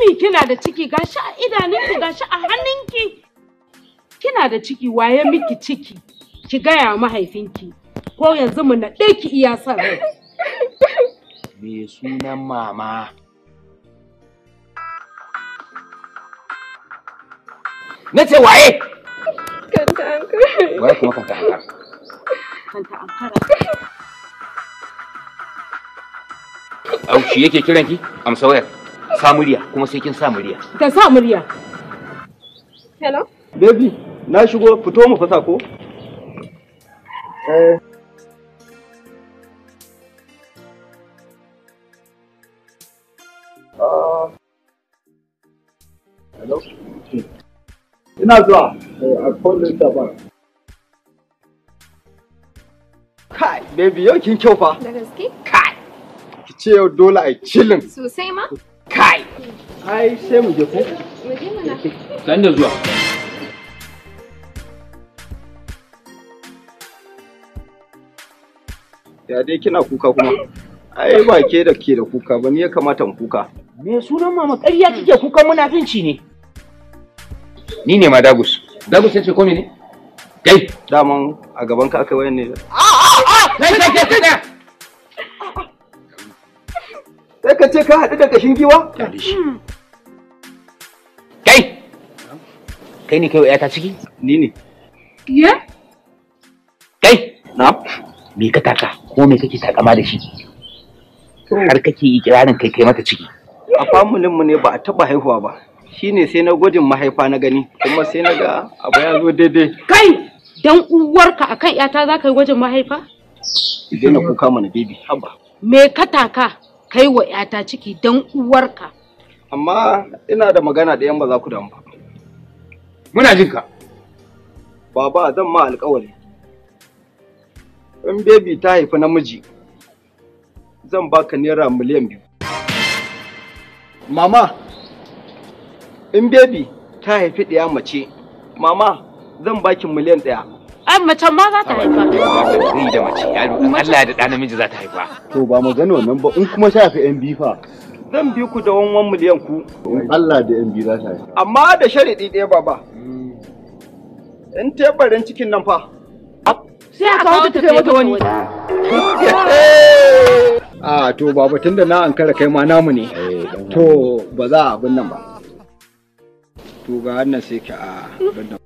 mummy kina da ciki gashi a idanunki gashi a hannunki kina da ciki waye miki ciki ki gaya mahaifinki ko yanzu mu naɗe ki iya son rai me sunan mama na ce waye kanta ankara waye kuma kanta ankara kanta ankara aushi yake kiranki amsa wayar sa murya kuma sai kin sa murya ka sa murya hello baby na shigo fito mu fasa ko eh Hello? Ina zuwa. Eh, a kullum ta ba. Kai, baby yau kin kyau fa. Da gaske? Kai. Ki ce yau dole a yi chillin. Sosai ma? kai ai sai mu je ko mu je zuwa ya dai kina kuka kuma ai ba ke da ke da kuka ba ni ya kamata mu kuka me sunan mama ƙarya kike kuka munafinci ne ni ne ma dagus dagus yace ko ne kai daman a gaban ka aka wayan ne kai kai kai ka ce ka haɗu da kashin giwa? Hmm. Kai! Kai ne kai wa ta ciki? Ni ne. Ya? Kai! Na? Me ka taka ko me kake takama da shi? Har kake ikirarin kai kai mata ciki. A famulinmu ne ba a taɓa haihuwa ba. Shi ne sai na gwajin mahaifa na gani kuma sai na ga abu ya zo daidai. Kai! Dan uwarka akan 'yata za ka yi gwajin mahaifa? Idan na kuka mana bebi haba. Me ka taka? kai wa ‘yata ciki don uwarka. Amma ina da magana da yan ba za ku damu ba. Muna jin ka. Baba zan ma alkawari. In bebi ta haifi namiji, zan baka naira miliyan biyu. Mama, in bebi ta haifi ɗaya mace, mama zan baki miliyan ɗaya. Ai mace ma za ta haifa. Zai da mace yaro Allah da ɗa namiji za ta haifa. To ba magana wannan ba in kuma shafi yan bifa. Zan bi ku da wanwan miliyan ku. In Allah da yan bi za ta haifa. Amma da sharidi ɗaya baba. In tebarin cikin nan fa. Sai a kawo ta mata wani. A ah, to baba tunda na ankara kai ma namu ne. Eh, to ba za a abin nan ba. To ga wannan sai a ah, abin nan.